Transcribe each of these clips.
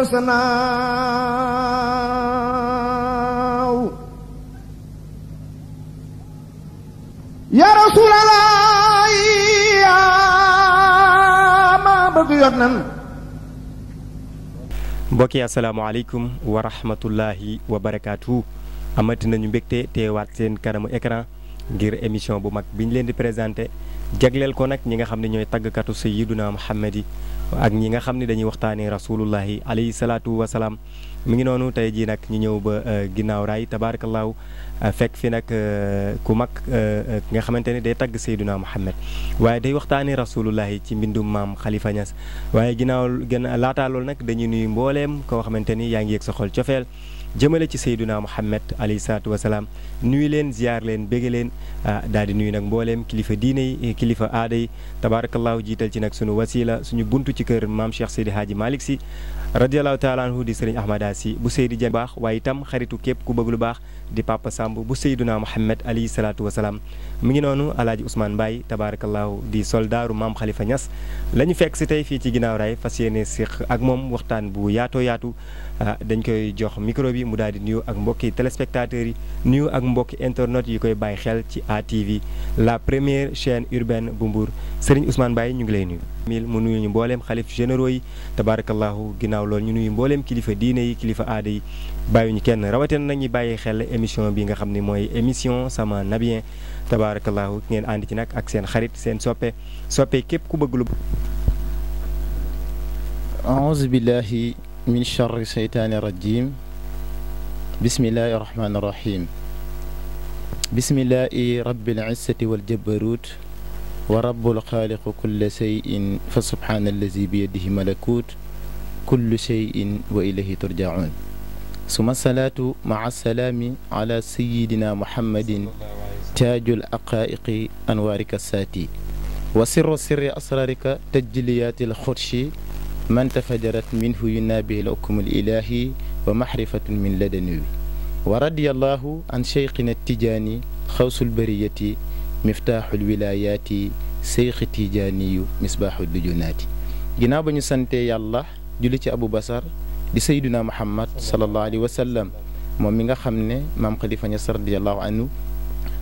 wasanaaw yaa rasuulallah yaa maa bëgg yot nan mbokk yi asalaamaaleykum wa rahmatullahi wa amati nañu mbégte teewaat seen karamu écran ngir émission bu mag bi ñu leen di présenté jagleel ko nag ñi nga xam ne ñooy tàggkatu sayyiduna Muhammad yi ak ñi nga xam ne dañuy waxtaanee rasulullahi alayhi salaatu wa salaam mi ngi noonu tey jii nag ñu ñëw ba euh, ginnaaw raay tabaarakallaahu euh, fekk fi nag euh, ku mag nga xamante ne day tagg Seydina Muhammad waaye day waxtaanee rasulullahi ci mbindum maam xalifa ñas waaye ginnaaw gën laataa loolu nag dañu nuyu mbooleem koo xamante ni yaa ngi yëg sa xol cofeel jëmale ci sayduna muhammad alayhi salaatu wasalaam nuyu leen ziyaar leen bége leen ah, daal di nuyu nag mbooleem kilifa diine yi eh, kilifa aada yi tabaarakallaahu jiital ci nag sunu wasila suñu bunt ci kër maam Cheikh Seydi Hadji Malick si radiallahu taala anhu di sëriñ Ahmada Sy bu Seydi Dieng baax waaye itam xaritu képp ku bëgg lu baax di papa Samb bu Seyduna Mouhamed alayhi salaatu wasalaam mi ngi noonu alaaji Ousmane Mbaye tabaarakallaahu di soldaaru maam xalifa ñas la ñu fekk si tey fii ci ginnaaw raay fas yéene séq ak moom waxtaan bu yaatoo yaatu ah, dañ koy jox micro bi mu daal di ak mbokki téléspectateurs yi nuyu ak mbokki internet yi koy bàyyi xel ci ATV la première chaîne urbaine bu Mbour Serigne Ousmane Mbaye ñu ngi lay nuyu mil mu nuyu ñu mbooleem xalif généraux yi tabaarakallaahu ginnaaw loolu ñu nuyu mbooleem kilifa diine kilifa aada yi ñu kenn émission bi nga xam ne mooy émission sama nabien tabaarakallaahu ngeen ànd ci nag ak seen xarit seen soppe soppe képp ku bëgg lu aouzu billahi min charri seytaani rajim bismillahi rahmaani rahim bismillahi rabbil izzati wal jabbarut wa rabbul xaaliqu kulla cheyin fa subhaana allazi bi yadihi malakut kullu cheyin wa ilayhi turjaun ثم الصلاة مع السلام على سيدنا محمد تاج الأقائق أنوارك الساتي وسر سر أسرارك تجليات الخرش من تفجرت منه ينابه لكم الإلهي ومحرفة من لدنه ورضي الله عن شيخنا التجاني خوص البرية مفتاح الولايات شيخ تجاني مصباح الدجونات جناب نسانتي الله جلتي أبو بصر di sayyidina muhammad sallallahu alayhi wa sallam moom mi nga xam ne maam Khalifa Niass radiyallahu anhu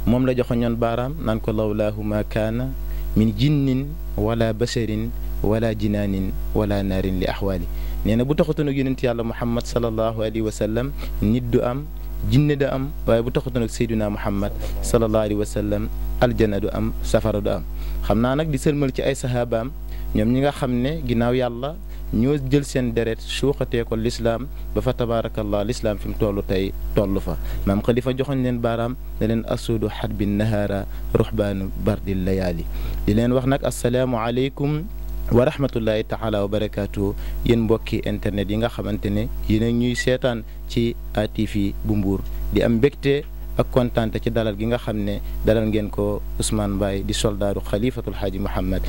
mom la joxoñoon baram nan ko lawlaahu ma kana min jinnin wala basharin wala jinanin wala narin li ahwali neena bu taxutoon yonent yàlla muhammad sallallahu alayhi wa sallam nit du am jinne da am waaye bu taxutoon ak muhammad sallallahu alayhi wa sallam aljana du am safara du am xam di sëlmal ci ay sahabaam ñom ñi nga xamne ginaaw yàlla ñoo jël seen deret suuxatee ko lislaam ba fa tabaarakallaa lislaam fi mu toll tey toll fa maam xalifa joxoñ leen baaraam ne leen asuudu xat bi nahaara ruxbaanu bardi layaali di leen wax nag asalaamu aleykum wa rahmatullahi taala wa barakaatu yéen mbokki internet yi nga xamante ne yéen ñuy seetaan ci ATV bu mbuur di am mbégte ak kontaante ci dalal gi nga xam ne dalal ngeen ko Ousmane Mbaye di soldaaru xalifatul xaaji Mouhamed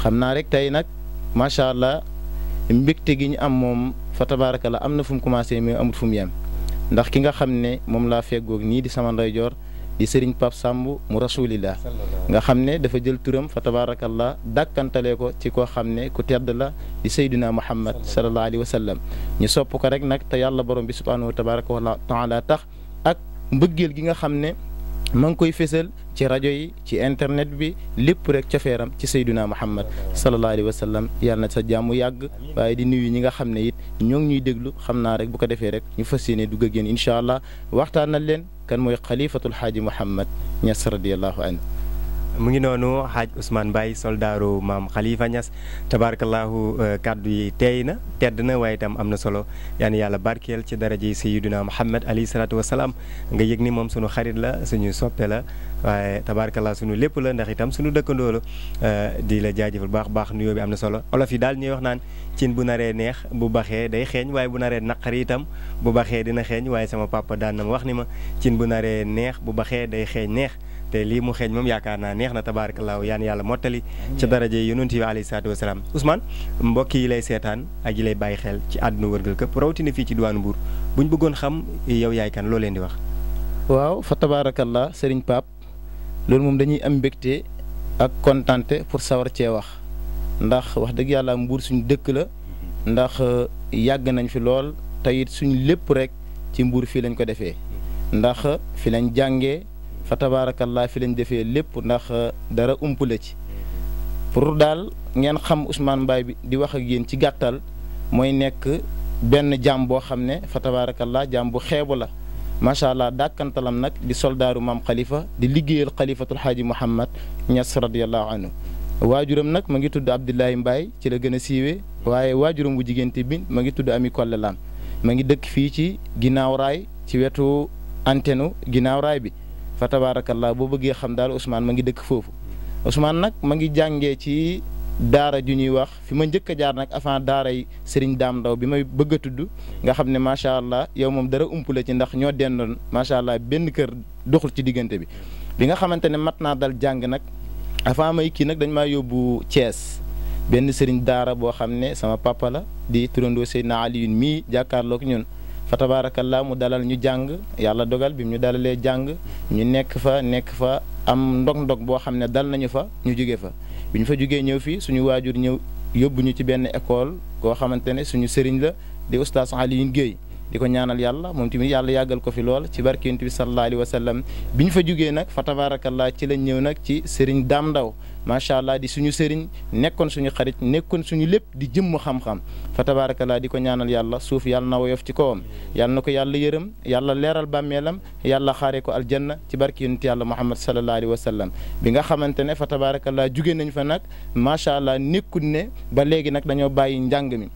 xam naa rek tey nag macha allah mbégte gi ñu am moom fa tabaaraka la am na fu mu commencé mais amut fu mu yem ndax ki nga xam ne moom laa feggoog nii di sama ndeyjoor di sëriñ Pape Samb mu rasulillah nga xam ne dafa jël turam fa tabaarakallah dàkkantale ko ci koo xam ne ku tedd la di sayduna muhammad salallahu alayhi wa sallam ñu sopp ko rek nag te yàlla borom bi subhanahu wa tabaraka wa taala tax ak mbëggeel gi nga xam ne ma ngi koy fésal ci rajo yi ci internet bi lépp rek ci feram ci sayduna muhammad sallallahu alaihi wasallam sallam yàlla na sa jamu yag waye di nuyu ñi nga xamne yit ñok ñuy déglu xamna rek bu ko defé rek ñu fassiyene du dugg inshallah yéen incha waxtaan nañ leen kan moy khalifatul haji muhammad ñas radiallahu anhu mu ngi noonu xaaj Ousmane bàyyi soldaaru maam Khalifa Niass tabaarakallahu euh, kàddu yi teey na tedd na waaye itam am na solo yaa yàlla barkeel ci daraja yi sayyiduna Muhammad alayhi salaatu wasalaam nga yëg ni moom sunu xarit la suñu soppe la waaye tabaarakallah suñu lépp la ndax itam suñu dëkkandoo la euh, di la jaajëfal baax baax nuyoo bi am na solo olof yi daal ñuy wax naan cin bu naree neex bu baxee day xeeñ waaye bu naree naqari itam bu baxee dina xeeñ waaye sama papa daan wax ni ma cin bu naree neex bu baxee day xeeñ neex te lii mu xeeñ moom yaakaar naa neex na tabaarakallaahu yaan yàlla mottali ca daraje yonent bi alayhi salaatu wasalaam Ousmane mbokk yi lay seetaan ak yi lay bàyyi xel ci àdduna wërgal këpp rawatina fii ci diwaanu Mbuur bu ñu bëggoon xam yow yaay kan loo leen di wax waaw fa tabaarakallaa Serigne Pape loolu moom dañuy am mbégte ak kontante pour sawar cee wax ndax wax dëgg yàlla Mbuur suñ dëkk la ndax euh, yàgg nañ fi lool te it suñu lépp rek ci Mbuur fii lañ ko defee fa tabaarakallaa fi lañ defee lépp ndax euh, dara umpale ci pour daal ngeen xam Ousmane mbaay bi di wax a yéen ci gàttal mooy nekk benn jaam boo xam ne fa tabaarakallaa jaam bu xeebu la macha allah dàkkantalam nag di soldaaru maam xalifa di liggéeyal xalifatul xaaji Mouhamad ñas radiallahu anhu waajuram nag mu ngi tudd Abdoulaye Mbaye ci la gën a siiwee waaye waajuram bu jigéente bi mu ngi tudd Ami Kolle ngi dëkk fii ci ginnaaw raay ci wetu antenne ginnaaw bi fa tabaarakallaa boo bëggee xam daal Ousmane ma ngi dëkk foofu Ousmane nak ma ngi jàngee ci daara ju ñuy wax fi ma njëkk jaar nag avant daara yi Serigne dam Ndaw bi may bëgg a nga xam ne macha allah yow moom dara ump ci ndax ñoo dendoon macha allah benn kër doxul ci bi. bi nga xamante ne mat naa dal jàng nak avant may kii nag dañ ma yóbbu Thiès benn Serigne daara boo xam ne sama papa la di turandoo Seydina Alioune jakar jàkkaarloog ñun. fa tabaarakallaa mu dalal ñu jàng yàlla dogal bi mu ñu dalalee jàng ñu nekk fa nekk fa am ndog-ndog boo xam ne dal nañu fa ñu jóge fa bi ñu fa jógee ñëw fii suñu waajur ñëw yóbbu ñu ci benn école koo xamante ne suñu sëriñ la di oustaz Alioune Guèye di ko ñaanal yàlla moom tamit yàlla yàggal ko fi lool ci barkeentu bi sallallahu alayhi wa sallam bi ñu fa jógee nag fa tabaarakallaa ci lañ ñëw nag ci sëriñ daam Ndaw macha allah di suñu sëriñ nekkoon suñu xarit nekkoon suñu lépp di jëmm xam-xam fa tabaarakalaa di ko ñaanal yàlla suuf yàlla na woyof ci kawam yàlla na ko yàlla yërëm yàlla leeral bàmmeelam yàlla xaaree ko aljanna ci barki yonent yàlla muhammad sallallahu alayhi wa sallam bi nga xamante ne fa tabaarakalaa jugee nañ fa nag macha allah nekkul ne ba léegi nag dañoo bàyyi njàng mi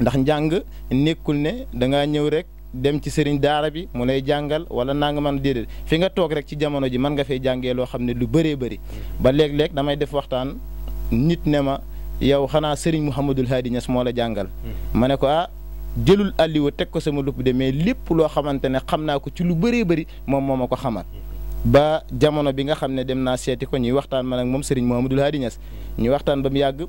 ndax njàng nekkul ne da ngaa ñëw rek dem ci sëriñ daara bi mu lay jàngal wala naa nga mën déedéet fi nga toog rek ci jamono ji man nga fay jàngee loo xam ne lu bëree bëri ba léeg-léeg damay def waxtaan nit ne ma yow xanaa sëriñ Mouhamadul Hadi Niass moo la jàngal hmm. ma ne ko ah jëlul alliwa teg ko sama lupp de mais lépp loo xamante ne xam naa ko ci lu bëree bëri moom moo ma ko xamal hmm. ba jamono bi nga xam ne dem naa seeti ko ñuy waxtaan man ak moom sëriñ Mouhamadul Hadi Niass hmm. ñu waxtaan ba mu yàgg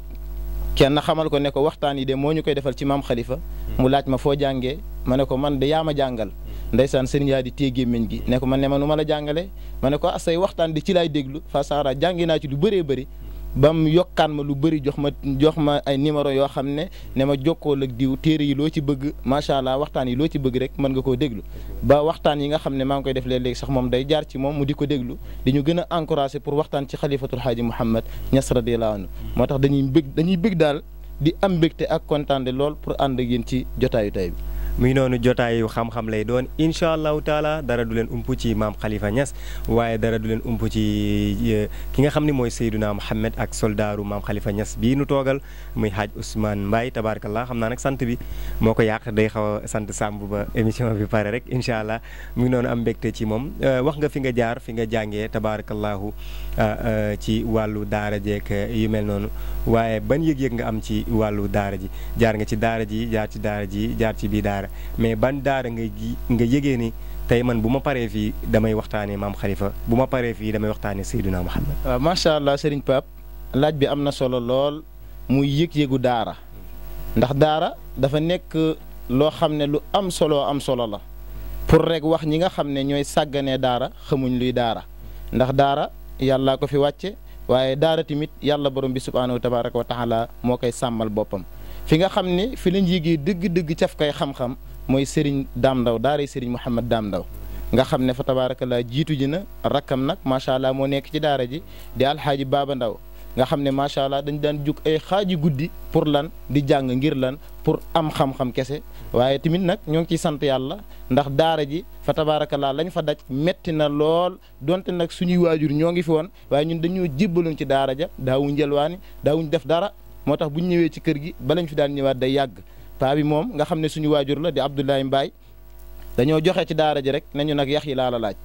kenn xamal ko ne ko waxtaan yi de moo ñu koy defal ci maam Khalifa mu laaj ma foo jàngee ma ne ko man de yaa ma jàngal ndeysaan sëriñ yaa di tee gémmiñ gi ne ko man ne ma nu ma la jàngale ma ne ko asay ah, waxtaan di ci laay déglu fa saara jàngi naa ci lu bëree bëri ba mu yokkaan ma lu bëri jox ma jox ma ay numéro yoo xam ne ne ma jokkool ak diw téere yi loo ci bëgg macha allah waxtaan yi loo ci bëgg rek mën nga koo déglu ba waxtaan yi nga xam ne maa ngi koy def léeg léegi sax moom day jaar ci moom mu di ko déglu di ñu gën a encouragé pour waxtaan ci xalifatul xaaji Mouhamed Niass radiyallahu anhu moo tax dañuy bëgg dañuy bëgg daal di am mbégte ak kontaan lool pour ànd ak yéen ci jotaayu tay bi muy noonu jotaayu xam-xam lay doon incha allahu taala dara du leen ump ci maam xalifa ñas waaye dara du leen ump ci e, ki nga xam ni mooy Seyduna Mohamed ak soldaaru maam xalifa ñas bii nu toogal muy Haaj Ousmane Mbaye tabaarakallah xam naa nag sant bi moo ko yàq day xaw a sant Samb ba émission bi pare rek incha allah muy noonu am mbégte ci moom e, wax nga fi nga jaar fi nga jàngee tabaarakallahu Euh, euh, ci wàllu daara jeeg euh, yu mel noonu waaye ban yëg-yëg nga am ci wàllu daara ji jaar nga ci daara ji jaar ci daara ji jaar ci bii daara mais ban daara nga nga yëgee ni tey man bu ma paree fii damay waxtaanee maam Khalifa bu ma paree fii damay waxtaanee Seydina Mouhamed. waaw macha allah Serigne Pape laaj bi am na solo lool muy yëg-yëgu daara ndax daara dafa nekk loo xam ne lu am solo am solo la pour rek wax ñi nga xam ne ñooy sàgganee daara xamuñ luy daara daara. yàllaa ko fi wàcce waaye daara tamit yàlla borom bi subhaanahu tabaraka wa taala moo koy sàmmal boppam fi nga xam ni fi la njigi dëgg-dëgg caf koy xam-xam mooy Serigne Dame Ndao daaray Serigne Mouhamad Dame Ndao nga xam ne fa laa jiitu ji na rakkam nag macha allah moo nekk ci daara ji di alxaaji Baaba ndaw nga xam ne macha allah dañ daan jug ay xaaji guddi pour lan di jàng ngir lan pour am xam-xam kese waaye tamit nag ñoo ngi ciy sant yàlla ndax daara ji fa tabaarakallaa lañ fa daj metti na lool donte nag suñuy waajur ñoo ngi fi woon waaye ñun dañoo jébbaloon ci daara ja daawuñ njëlwaani daawuñ def dara moo tax bu ñu ñëwee ci kër gi ba balañ fi daan ñëwaat day yàgg paa bi moom nga xam ne suñu waajur la di Abdoulaye mbaay dañoo joxe ci daara ji rek nañu nag yax yi laa laaj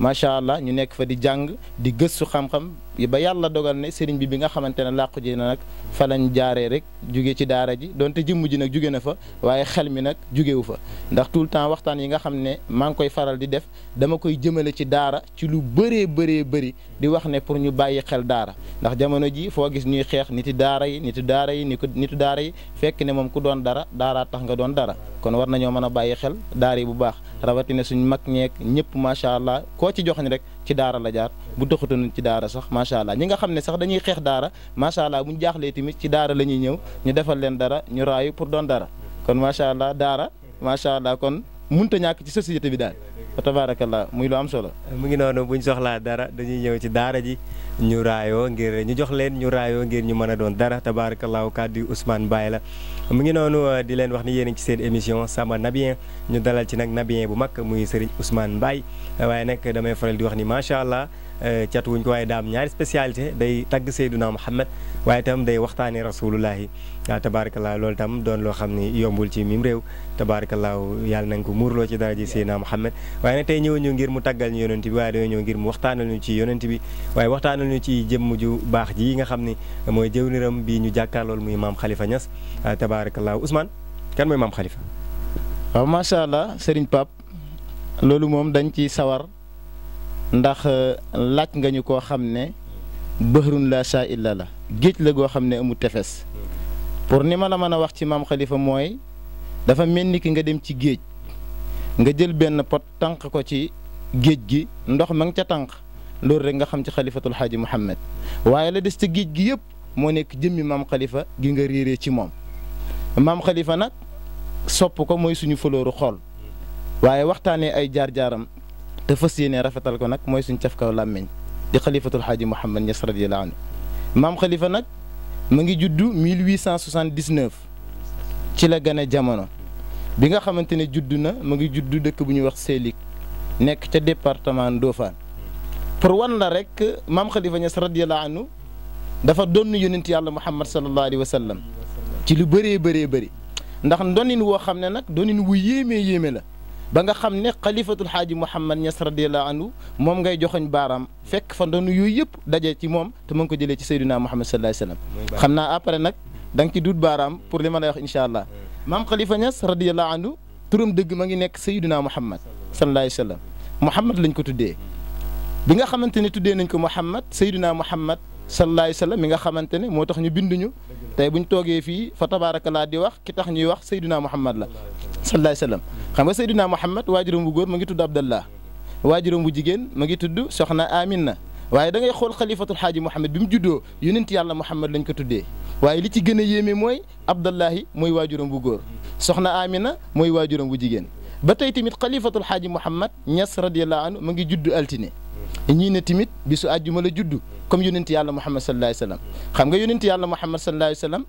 macha allah ñu nekk fa di jàng di gëstu xam ba yàlla dogal ne sëriñ bi bi nga xamante ne làqu ji na nag fa lañ jaaree rek jóge ci daara ji donte jëmm ji nag jugee na fa waaye xel mi nag jógewu fa ndax tout le temps waxtaan yi nga xam ne maa ngi koy faral di def dama koy jëmale ci daara ci lu bëree bëree bëri di wax ne pour ñu bàyyi xel daara ndax jamono ji foo gis ñuy xeex niti daara yi niti daara yi ni ko nitu daara yi fekk ne moom ku doon dara daaraa tax nga doon dara kon war nañoo mën a bàyyi xel daara bu baax rawatina suñ mag ñeek ñëpp macha allah koo ci joxañ rek ci daara la jaar bu doxatoon ci daara sax macha allah ñi nga xam ne sax dañuy xeex daara macha allah bu ñu jaaxlee tamit ci daara la ñuy ñëw ñu defal leen dara ñu raayu pour doon dara kon macha allah daara macha allah kon mënut a ñàkk ci société bi daal fa tabaarakallah muy lu am solo. mu ngi noonu bu ñu soxlaa dara dañuy ñëw ci daara ji ñu raayoo ngir ñu jox leen ñu raayoo ngir ñu mën a doon dara tabaarakallah kàddu Ousmane Baye la. mu ngi noonu euh, di leen wax ni yéen a ngi seen émission sama nabien ñu dalal ci nag nabien bu mag muy Serigne Ousmane Mbaye waaye catuwuñ ko waaye daam ñaari spécialité day tagg Seyduna Muhammad waaye itam day waxtaanee rasulullahi tabaarakallaa loolu itam doon loo xam ni yombul ci mim réew tabaarakallaa yàlla nañ ko muurloo ci daraji Seydina Muhammad waaye nag tey ñëw ñu ngir mu taggal ñu yonent bi waaye ñëw ngir mu waxtaanal ñu ci yonent bi waaye waxtaanal ñu ci jëmm ju baax ji nga xam ni mooy jëwriñam ñu jàkkaarlool muy maam Khalifa Niass tabaarakallaa Ousmane kan mooy maam Khalifa waaw macha allah Serigne Pape loolu moom dañ ci sawar ndax euh, laaj nga ñu koo xam ne bëhrun la sha illa la géej la goo xam ne amul tefes pour ni ma la mën a wax ci maam xalifa mooy dafa mel ni ki nga dem ci géej nga jël benn pot tànq ko ci géej gi ndox ma ca tànq loolu rek nga xam ci xalifatul xaaji muhammad waaye la des ca géej gi yëpp moo nekk jëmmi maam xalifa gi nga réeree ci moom maam xalifa nag sopp ko mooy suñu folooru xool waaye waxtaanee ay jaar-jaaram te fas yéene rafetal ko nag mooy suñ kaw làmmiñ di xalifatul xaaji Mouhamed Niass radiyallahu anhu maam xalifa nag mu ngi juddu 1879 ci la gane jamono bi nga xamante ne juddu na mu ngi juddu dëkk bu ñuy wax Sélig nekk ca département Ndofane pour wan la rek maam xalifa Niass radiyallahu anhu dafa donn yonent yàlla Muhammad sallallahu alayhi wasallam ci lu bëree bëree bëri ndax ndonin woo xam ne nag ndonin wu yéemee yéeme la ba nga xam khalifatul xalifatul Muhammad Mouhamad Niass radiyallahu anhu moom ngay joxoñ baaraam fekk fa ndoonu yooyu yëpp daje ci moom te mu ko jëlee ci Seydina Mouhamed sallallahu Alaihi wasallam xam naa après nag da nga ci duut baaraam pour li ma lay wax incha allah maam xalifa Niass radiyallahu anhu turam dëgg ma ngi nekk Seydina Mouhamed sallallahu Alaihi wasallam Muhammad lañ ko tuddee bi nga xamante ne nañ ko sallallahu Alaihi wasallam mi nga xamante ne moo tax ñu binduñu buñ toogee fii fa tabaarakallaa di wax ki tax ñuy wax la sallallahu alayhi wasallam xam nga Seydina Muhammad waajuram bu góor ma ngi tudd Abdallah waajuram bu jigéen ma ngi tudd Soxna Amina waaye da ngay xool xalifatul xaaji Muhammad bi mu juddoo yonent yàlla Muhammad lañ ko tuddee waaye li ci gën a yéeme mooy Abdallahi mooy waajuram bu góor Soxna Amina mooy waajuram bu jigéen ba tey tamit xalifatul xaaji Muhammad Ñas radiyallahu anhu ma ngi juddu altine ñii ne tamit bisu àjjuma la juddu comme yonent yàlla Muhammad sallallahu alayhi wasallam xam nga yonent yàlla Muhammad sallallahu alayhi wasallam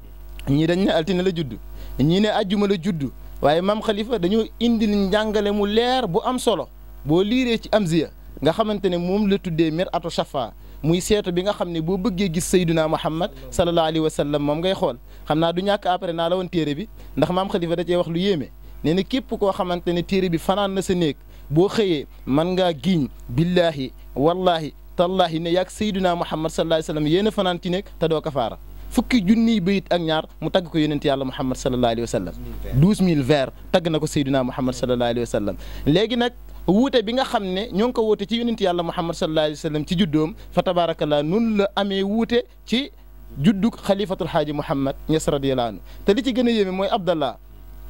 ñii dañ ne altine la juddu ñii ne àjjuma la juddu waaye maam xalifa dañoo indil njàngale mu leer bu am solo boo liiree ci am amziya nga xamante ne moom la tuddee mir atu shafa muy seetu bi nga xam ne boo bëggee gis sayduna muhammad sallallahu alayhi wa sallam moom ngay xool xam naa du ñàkk après naa la woon téere bi ndax maam Khalifa da cee wax lu yéeme nee na képp koo xamante ne téere bi fanaan na sa néeg boo xëyee man ngaa giiñ billaahi wallaahi tallaahi ne yàgg sayduna muhammad sallallahu alayhi wa sallam yéen fanaan ci nekk te doo kafaara fukki junniy bayit ak ñaar mu tagg ko yonent yàlla muhammad sallallahu alayhi wa sallam douze mille vers tagg na ko sayduna muhammad sallallahu alayhi wa sallam léegi nag wuute bi nga xam ne ñoo ngi ko wuute ci yonent yàlla muhammad sallallahu alayhi wa sallam ci juddoom fa tabarakallah nun la amee wuute ci juddug xalifatul xaaji muhammad ñes radiyallahu anhu te li ci gën a yéeme mooy abdallah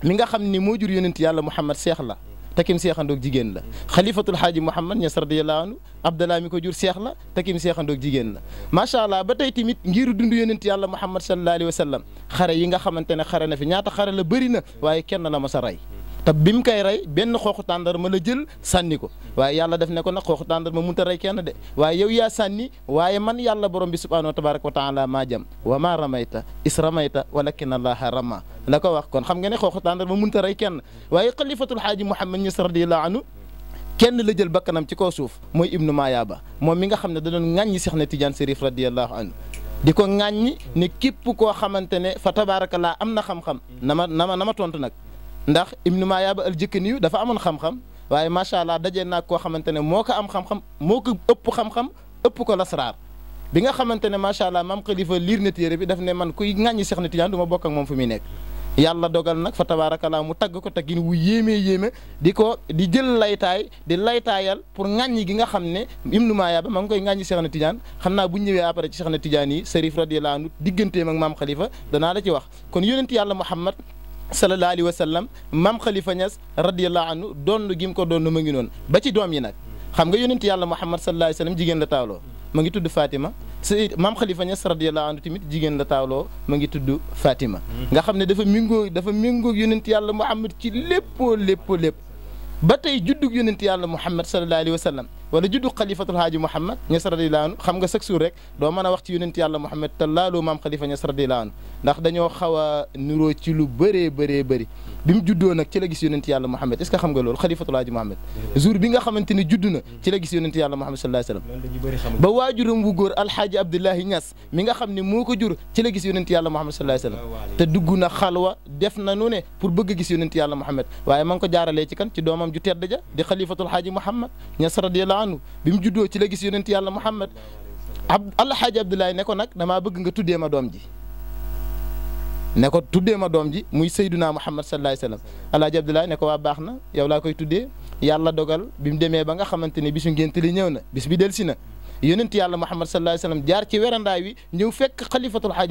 mi nga xam ne moo jur yonent yàlla muhammad seex la تكيم سيخان دوك جيجين لا خليفة الحاج محمد نصر رضي الله عنه عبد الله ميكو جور سيخ لا تكيم سيخان دوك جيجين لا ما شاء الله بتاي تيميت غير دوندو يوننتي الله محمد صلى الله عليه وسلم خاري ييغا خامتاني خاري نا في نياتا خاري لا بارينا واي كين لا ما سا راي te bim kay ray ben xoxu tandar ma la jël sànni ko waye yàlla def ne ko nak xoxu tandar ma munta ray kenn de waye yow ya sànni waye man yàlla borom bi subhanahu wa tabaaraka taala maa jam wa ma ramayta is walakin allah rama la wax kon xam nga ne xoxu tandar ma munta ray kenn waye khalifatul haji Muhammad Ñas radiyallaahu anhu kenn la jël bakkanam ci ko suuf moy ibnu mayaba mom mi nga xam ne da doon ngagn Seex na tidiane Sariif radiyallahu anhu diko ngagn ne kep ko xamantene fa tabaarakallah amna xam-xam nama nama tontu nak ndax ibnu maayaaba al jëkkaniyu dafa amoon xam-xam waaye macha allah dajee naag koo xamante ne moo ko am xam-xam moo ko ëpp xam-xam ëpp ko lasraar bi nga xamante ne macha allah maam xalifa liir na téere bi daf ne man kuy ŋàññi Seex na Tijaan du ma bokk ak moom fu muy nekk yàlla dogal nag fa tabaarakallaa mu tagg ko taggin wu yéemee yéeme di ko di jël laytaay di laytaayal pour ŋàññi gi nga xam ne Ibnu ma ngi koy ŋàññi Seexna Tijaan xam naa bu ñu ñëwee après ci Seexna Tijaan yi Serif radiyallaahu anhu digganteem ak maam Khalifa danaa la ci wax kon yonent yàlla Muhammad sallallahu alayhi wa sallam maam Khalifa Niass radiyallahu anhu doon gi mu ko doon ma ngi noonu ba ci doom yi nag xam nga yonent yàlla Muhammad sallallahu alayhi wa sallam jigéen la taawloo ma ngi tudd Fatima Seyd maam Khalifa Niass radiyallahu anhu tamit jigéen la taawloo ma ngi tudd Fatima. nga xam ne dafa méngoo dafa méngoo yonent yàlla Muhammad ci léppoo léppoo lépp ba tey juddug yonent yàlla Muhammad sallallahu alayhi wa sallam wala juddu xalifatul haaji Muhammad Niass radiyallahu anhu xam nga chaque jour rek doo mën a wax ci yonent yàlla Muhammad te laaloo maam Khalifa Niass radiyallahu anhu ndax dañoo xawa nuro ci lu bëree bëree bëri bi mu juddoo nag ci la gis yonent yàlla Muhammad est-ce que xam nga loolu xalifatulaaji Muhammad jour bi nga xamante ni judd na ci la gis yonent yàlla Muhammad sallallahu alayhi wa ba waajuram wu góor alxaaji Abdullahi Ñas mi nga xam ne moo ko jur ci la gis yonent yàlla Muhammad sallallahu alayhi wa te dugg na xalwa def na nu ne pour bëgg gis yonent yàlla Muhammad waaye ma ngi ko jaaralee ci kan ci doomam ju tedd ja di xalifatulaaji Muhammad Ñas radiyallahu anhu bi mu juddoo ci la gis yonent yàlla Muhammad ab alxaaji Abdullahi ne ko nag damaa bëgg nga tuddee ma doom ji neko tuddé ma dom ji muy sayyiduna Muhammad sallallahu alayhi wasallam sallam alaaji neko wa baxna yow la koy tuddé yàlla dogal ba nga bisu bis bi delsi na yonent yàlla Muhammad sallallahu alayhi wasallam jaar ci werandaay wi ñëw fekk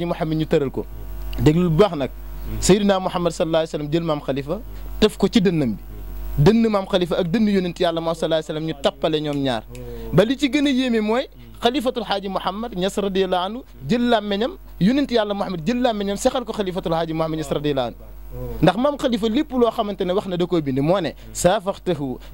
Muhammad ñu ko bu Muhammad sallallahu alayhi wasallam jël maam khalifa ko ci dënnam bi dënn ak dënn yonent yàlla moo sallallahu alayhi wasallam ñu tapalé ñom ñaar ba li ci gëna a moy xalifatul xaaji Mouhamed Niass radiyallahu anhu jël làmmiñam yonent yàlla Mouhamed jël làmmiñam sexal ko xalifatul xaaji Mouhamed Niass radiyallahu anhu ndax maam xalifa lépp loo xamante ne da koo bind moo ne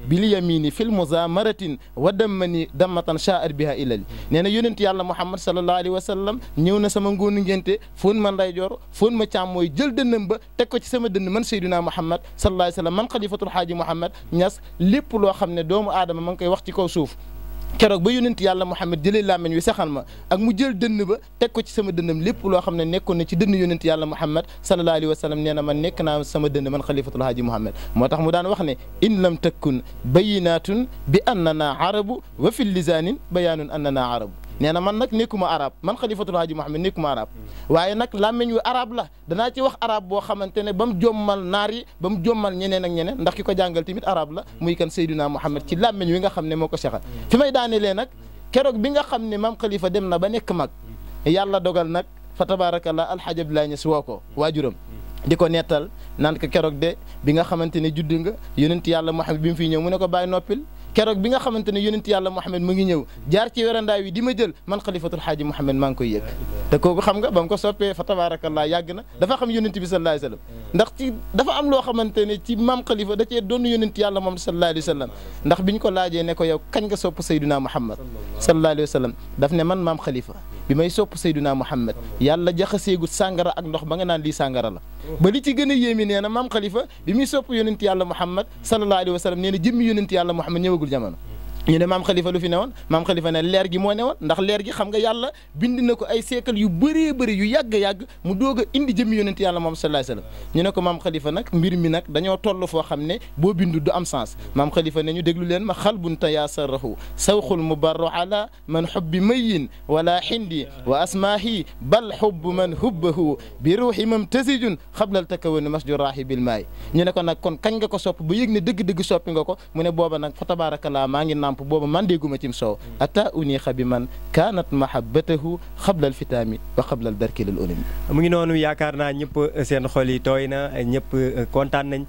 bil yamini fil muzamaratin wadamani damatan dammatan biha ilali nee na yonent yàlla muhammad salallahu alayhi wa sallam ñëw na sama ngóonu ngénte fóon ma ndeyjoor fóon ma càmmooy jël dënnam ba teg ko ci sama dënn man sayduna muhammad salallahu alayhi wa sallam man xalifatul xaaji muhammad ñas lépp loo xam ne doomu aadama ma koy wax ci kaw suuf keroog ba yonent yàlla Muhammad jëlee làmmiñ wi saxal ma ak mu jël dënn ba teg ko ci sama dënnam lépp loo xam ne nekkoon na ci dënn yonent yàlla Muhammad sallallahu alayhi wa sallam nee na man nekk naa sama dënn man xalifatul haaji Muhammad moo tax mu daan wax ne in lam takkun bayinatun bi annana arabu wa fi lisaanin bayaanun annana arabu نانا مان نك نيكوما عرب مان خليفه الحاج محمد نيكوما عرب وايي نك لامين يو عرب لا دا ناتي واخ عرب بو خامتيني بام جومال ناري بام جومال نينن اك نينن نداخ كيكو جانغال تيميت عرب لا موي كان سيدنا محمد تي لامين ويغا خامني موكو شيخا فيماي داني لي نك كيروك بيغا خامني مام خليفه ديمنا با نيك ماك يالا دوغال نك فتبارك الله الحجب لا نسوكو واجورم diko netal nan ko kérok de bi nga xamanteni juddu nga yonent yalla mohammed bim fi ñew mu ne ko baye nopil keroog bi nga xamante ne yonent yàlla Muhammad mu ngi ñëw jaar ci werandaay wi di ma jël man xalifatul xaaji Muhammad maa ngi koy yëg te kooku xam nga ba mu ko soppee fa tabaarakallaa yàgg na dafa xam yonent bi sallallahu alayhi wasallam ndax ci dafa am loo xamante ne ci maam xalifa da cee doon yonent yàlla moom sallallahu alayhi wasallam ndax bi ñu ko laajee ne ko yow kañ nga sopp sayduna Muhammad sallallahu alayhi wasallam daf ne man maam xalifa bi may sopp Seydina Muhammad yàlla jaxaseegut sàngara ak ndox ma nga naan lii sàngara la ba li ci gën a yéemi nee na maam Khalifa bi muy sopp yonent yàlla Muhammad sallallahu alayhi wa sallam nee na jëmmi ti yàlla Muhammad ñëwagul jamono ñu ne maam xalifa lu fi newoon maam xalifa ne leer gi moo newoon ndax leer gi xam nga yàlla bind na ko ay siècle yu bëree bëri yu yàgg yàgg mu doog indi jëmmi yonent yàlla moom sallallahu alayhi wasallam ñu ne ko maam xalifa nag mbir mi nag dañoo toll foo xam ne boo du am sens maam xalifa ne ñu déglu leen ma xalbun tayaasarahu sawxul mubarru ala man xubbi mayin wala xindi wa asmaahi bal xubbu man hubbahu bi ruuxi mam tasijun xablal takawanu masju raahi bil maay ñu ne ko nag kon kañ nga ko sopp ba yëg ne dëgg-dëgg nga ko mu ne booba nag fa tabarakallah maa ngi naam lamp booba man dégguma cim soow ata uniixa bi man kaanat mahabbatahu xablal fitaami wa xablal barkilal ulami mu ngi noonu yaakaar naa ñëpp seen xol yi tooy na ñëpp kontaan nañ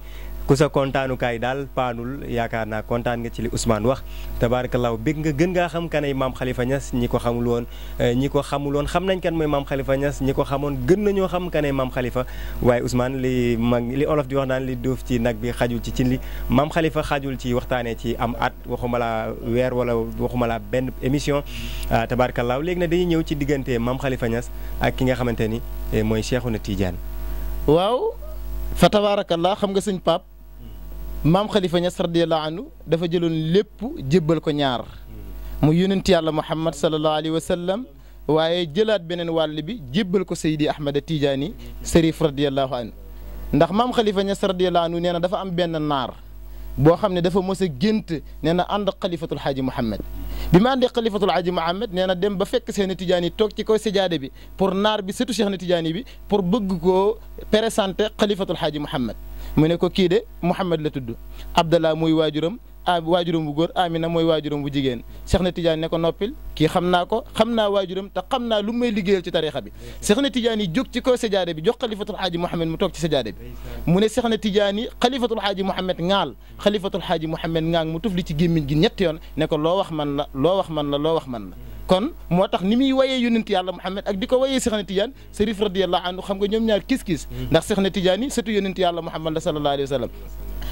ku sa kontaanukaay daal paanul yaakaar naa kontaan nga ci li Ousmane wax tabaarakallaah bég nga gën ngaa xam kanay maam Khalifa Niass ñi ko xamul woon eh, ñi ko xamul woon xam nañ kan mooy maam Khalifa Niass ñi ko xamoon gën nañoo xam kanay maam Khalifa waaye Ousmane li mag li olof di wax naan li dóof ci nag bi xajul ci cin li maam xalifa xajul ci waxtaanee ci am at waxuma la weer wala waxuma benn émission ah, tabaarakallaah léegi na dañuy ñëw ci diggante maam Khalifa Niass ak ki nga xamante ni eh, mooy Cheikhouna Tidiane waaw fa tabaarakallah maam Khalifa Niass radiyallahu anhu dafa jëloon lépp jébbal ko ñaar mu yonent yàlla Muhammad sallallahu alayhi wa sallam waaye jëlaat beneen wàll bi jébbal ko Seydi Ahmada Tidiane Serif radiyallahu anhu ndax maam Khalifa Niass radiyallahu anhu nee na dafa am benn naar boo xam ne dafa mos a gént nee na ànd xalifatul xaaji Muhammad bi ma àndee xalifatul xaaji Muhammad nee na dem ba fekk Seexna Tijaani toog ci kaw sijaade bi pour naar bi sëtu Seexna Tijaani bi pour bëgg koo présenté xalifatul xaaji Muhammad mune ko ki de mohammed la tuddu Abdallah moy wajuram a waajuram bu gor Amina moy wajuram bu jigen cheikhna Tidiane ne ko nopil ki xamna ko xamna wajuram ta xamna lu may liggeel ci tariikha bi cheikhna Tidiane jóg ci ko sajaade bi jog khalifatul haji mohammed mu tok ci sajaade bi mune cheikhna Tidiane khalifatul haji mohammed ngal khalifatul haji mohammed ngang ŋaang mu tufli ci gémmiñ gi ñetti yon ne ko lo wax man la lo wax man la lo wax man la kon motax tax ni muy wayee yonent yàlla Muhammad ak diko waye cheikh Seexna Tijaan Sërif radiyallahu anhu xam nga ñom naar kiss kiss ndax cheikh Tijaan sëtu yonent yàlla Muhammad sallallahu alaihi wasallam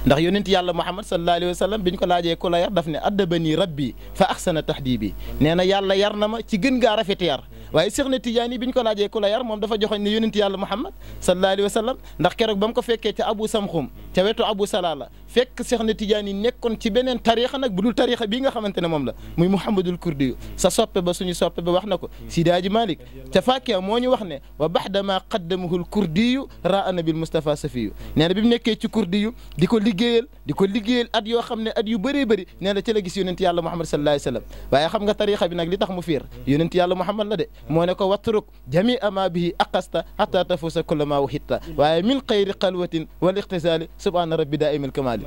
ndax yonent yàlla muhammad sallallahu alaihi wasallam biñ ko laaje ko la yar daf ne addabani rabbi fa ahsana tahdibi neena yàlla yarnama ci gën ngaa rafet yar waye Cheikh na Tidiane biñ ko laaje kula yar mom dafa joxoñ ni yonent yàlla Muhammad sallallahu alaihi wasallam ndax kérok bam ko fekke ci Abu samkhum ci wetu Abu Salala fek Cheikh na Tidiane nekkon ci benen tariikha nak budul tariikha bi nga xamantene mom la muy Muhammadul Kurdi sa soppe ba suñu soppe ba waxnako sidaji Malik ta fakke moo ñu wax wa bahda ma qaddamahul kurdiyu raa nabil Mustafa safiyu nee na bi mu nekkee ci kurdi di ko liggéeyal diko ko liggéeyal at yo xamne at yu bëree bëri neena ci la gis yonent yàlla Muhammad sallallahu alaihi wasallam waye xam nga tariikha bi nak li tax mu fiir yonent yàlla Muhammad la de moo ne ko watruk jamia ma bihi aqasta hatta tafusa kulla ma wahitta waaye min xayri xalwatin wal ixtisali subhaana rabbi daaimil kamali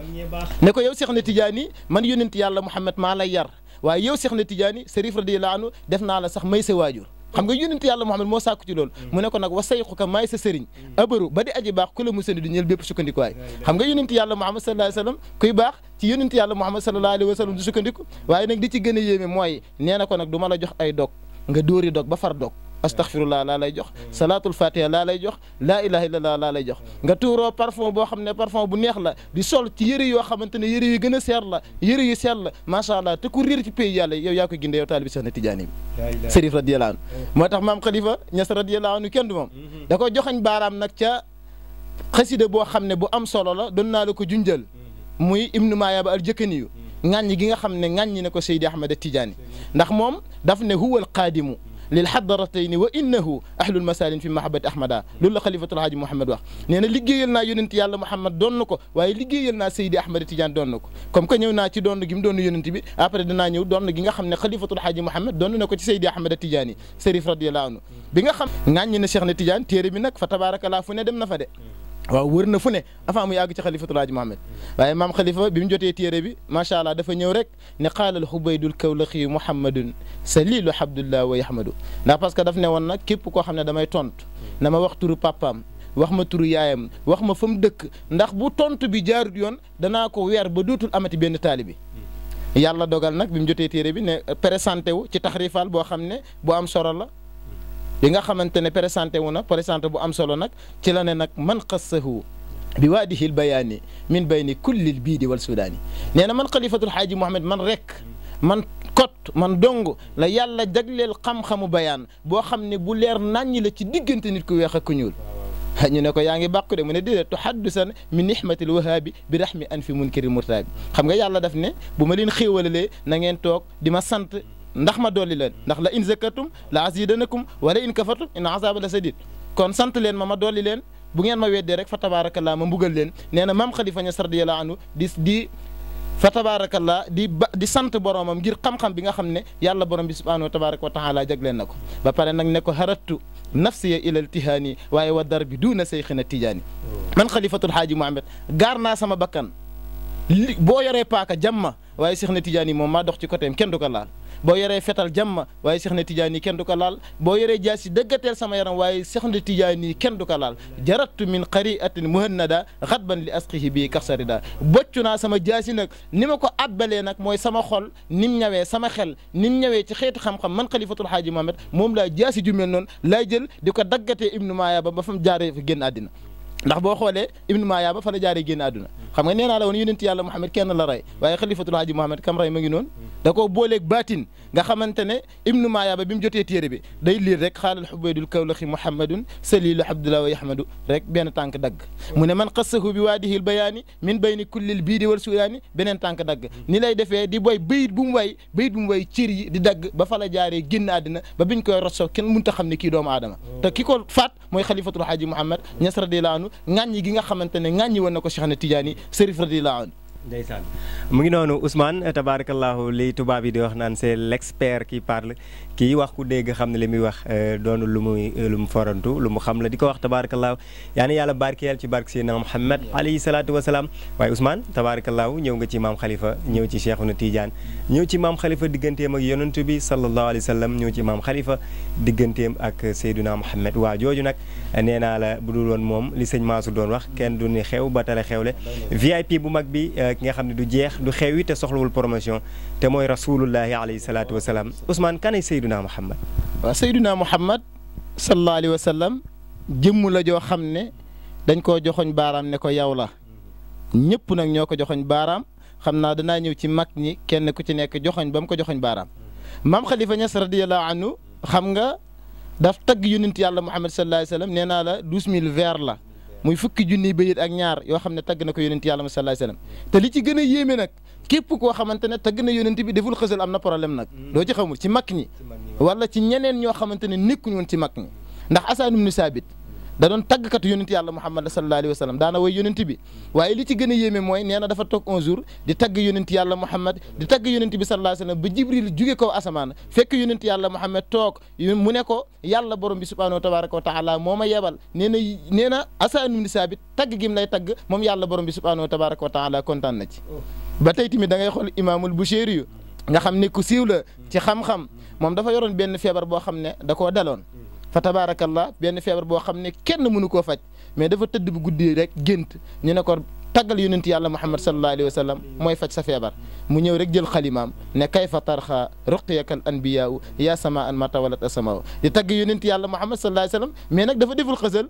ne ko yow Seex na Tijaani man yonent yàlla Muhammad maa lay yar waaye yow Seex na Tijaani Sërif radiyallaahu anhu def xam nga yonent yàlla Muhammad moo sàkku ci loolu mu ne ko nak wasaykhu ka may sa serign abaru ba di aji baax ku la musani du ñeel bépp way xam nga yonent yàlla Muhammad sallallahu alayhi wasallam kuy bax ci yonent yàlla Muhammad sallallahu alayhi wasallam sallam du sukkandiku waaye nak di ci gëna yéme moy neena ko nak duma la jox ay dog nga dóori dog ba far dog astaghfirullah laa lay jox salaatul fatiha laa lay jox laa ilaha illallah laa lay jox nga tuuroo parfum boo xam ne parfum bu neex la di sol ci yëre yoo xamante ne yëre yu gën a seer la yëre yu seer la macha allah te ku riir ci pays yàlla yow yaa ko ginde yow taalibi Seexna Tijaani bi sërif radiyallahu anhu moo tax maam Khalifa Ñas radiyallahu anhu kenn du moom mm-hmm. joxañ baaraam nag ca xasida boo xam ne bu am solo la doon naa la ŋàññi gi nga xam ne ŋàññi na ko Seydi Ahmed Tidiane ndax moom daf ne huwa al qaadimu lil xadaratayni wa innahu ahlul masalin fi mahabati ahmada loolu la xalifatul haaji Mouhamed wax nee na liggéeyal naa yonent yàlla Mouhamed doon na ko waaye liggéeyal naa Seydi Ahmed Tidiane doon na ko comme que ñëw naa ci doon gi mu doon yonent bi après danaa ñëw doon gi nga xam ne xalifatul haaji Mouhamed doon na ko ci Seydi Ahmed Tidiane yi Serif radiyallahu anhu bi nga xam ŋàññi na Cheikh na Tidiane téere bi nag fa tabaarakalaa fu ne dem na fa de waaw wër na fu ne avant mu yàgg ci xalifatul Hadj Mohamed waaye maam xalifa bi mu jotee téere bi macha allah dafa ñëw rek ne xaalal xubaydul kawlaxi muhammadun salilu habdullah wa yahmadu ndax parce que daf ne woon nag képp koo xam ne damay tontu na ma wax turu papaam wax ma turu yaayam wax ma fa mu dëkk ndax bu tontu bi jaarut yoon danaa ko weer ba dootul amati benn taalibi yàlla dogal nag bi mu jotee téere bi ne présenté wu ci taxrifaal boo xam ne bu am solo la. li nga xamantene présenté wu na présenté bu am solo nak ci lané nak man qassahu bi wadihi al bayani min bayni kulli al bid wal sudani nee man khalifatu al haji Mouhamed man rek man kot man dong la yàlla daglel xam-xamu bayan bo xam bu leer nañ la ci digënté nit ku weex ak ku ñuul ñu ne ko yaangi bàkku de mu ne déedéet tuhaddusan min nihmati al wahhab bi rahmi an fi munkiri murtab xam nga yàlla daf ne buma leen xéewalalee na ngeen tok dima sante ndax ma doli len ndax la in zakatum la azidanakum wala in kafartum in azaba la sadid kon sant len ma ma doli len bu ngeen ma wedde rek fa tabarakallah ma mbugal len neena mam maam Khalifa Niass radiyallahu anhu di di fa tabarakallah di di sant boromam ngir xam-xam bi nga xamne yàlla borom bi subhanahu wa tabarak wa taala jaglen nako ba pare nak ne ko harattu nafsiya إلى التهاني وأي ودر بدون سيخنا duuna من خليفة الحاج محمد xaaji Muhammad gaar naa sama bakkan li وأي سيخنا paaka jàmma waaye seyxina tijaani moom maa dox ci boo fetal jam waye Cheikh na Tidiane ken du ko laal boo yoree deugatel sama yaram waye Cheikh na Tidiane ken du ko laal jaratu min qari'atin muhannada ghadban li asqihi bi kaxsarida boccuna sama jaasi nak nimako abalé nak moy sama xol nim ñawé sama xel nim ñawé ci xeetu xam-xam man khalifatul haji mohammed mom la jaasi ju mel noonu jël diko ko ibnu maya ba ba fam jaaré fi génn adina ndax bo xolé ibnu maya ba fa la jaaré génn aduna xam nga neena la won yonent yàlla Muhammad kenn la ray waye khalifatul haji mohammed kam ray ma ngi noonu da ko booleeg baatin nga xamante ne ibnu maayaaba bi mu jotee téere bi day liir rek xaalal xubaydul kawlaxi muhammadun salilu abdullah wa yahmadu rek benn tànk dagg mu ne man xassahu bi waadihil bayaani min bayni kullil bii di wal suyaani beneen tànk dagg ni lay defee di boy bayit bu mu way bayit bu mu way cër yi di dagg ba fa la jaaree génn àddina ba biñ koy rosso kenn mënut a xam ne kii doomu aadama te ki ko faat mooy xalifatul xaaji muhammad ñas radiallahu anhu ŋàññi gi nga xamante ne ŋàññi woon na ko cheikh na tidiane sërif radiallahu anhu ndeysaan mu ngi noonu Ousmane tabaarakallaahu li tubaab yi di wax naan c'est l'expert qui parle kii wax ku dégg xam ne li muy wax euh, doonu lu muy euh, lu mu forantu lu mu xam la di ko wax tabaarakallaahu yaa ni yàlla barkeel ci barke Seydina Muhammad alayhi salaatu wasalaam waaye Ousmane tabaarakallaahu ñëw nga ci maam xalifa ñëw ci na Tidiane ñëw ci maam xalifa digganteem ak yonent bi sallallahu alayhi wa sallam ñëw ci maam Khalifa digganteem ak Seydina Muhammad waa jooju nag nee naa la bu dul woon moom li sëñ Mansour doon wax kenn du ni xew ba tale xewle VIP bu mag bi euh, ki nga xam ne du jeex du xew yi te soxlawul promotion te mooy rasulullahi alayhi salatu wa usman Ousmane kanay Seydina Muhammad. waaw Seydina Muhammad sallallahu alayhi wa sallam jëmm la joo xam ne dañ koo joxoñ baaraam ne ko yow la ñëpp nag ñoo ko joxoñ baaraam xam naa danaa ñëw ci mag ñi kenn ku ci nekk joxoñ ba ko joxoñ baaraam. maam Khalifa Niass radiyallahu anhu xam nga daf tagg yonent yàlla Muhammad sallallahu alayhi wa sallam nee naa la douze mille vers la. muy fukki junniy bayit ak ñaar yoo xam ne tagg na yàlla sallallahu alayhi wa sallam te li ci gën a yéeme képp koo xamante ne tagg na yonent bi deful xësal am na problème nag loo ci xamul ci mag ñi wala ci ñeneen ñoo xamante ne nekkuñu woon ci mag ñi ndax asaan ibnu saabit da doon tàggkatu yonent yàlla muhammad sallallahu alayhi wa sallam daana way yonent bi waaye li ci gën a yéeme mooy nee na dafa toog un jour di tagg yonent yàlla muhammad di tagg yonent bi sallallahu alayhi wa sallam ba jibril jóge kaw asamaan fekk yonent yàlla muhammad toog mu ne ko yàlla borom bi subhaanahu wa tabaraka wa taala moo ma yebal nee na nee na asaanum ni saabit tagg gim lay tagg moom yàlla borom bi subhaanahu wa tabaraka wa taala kontaan na ci ba tey tamit da ngay xol imam al bushairi nga xamne ku siw la ci xam-xam mom dafa yoron ben febar bo xamne da ko dalon fa tabaarakallah benn feebar boo xam ne kenn munu ko fajj mais dafa teud bu guddi rek gént ñu ne ko taggal yonent yàlla muhammad sallallahu alaihi wasallam moy fajj sa febar mu ñëw rek jël khalimam ne kayfa tarxa ruqyaka al anbiya ya sama an matawalat asma di tagg yonent yàlla muhammad sallallahu alaihi wasallam mais nak dafa deful xësal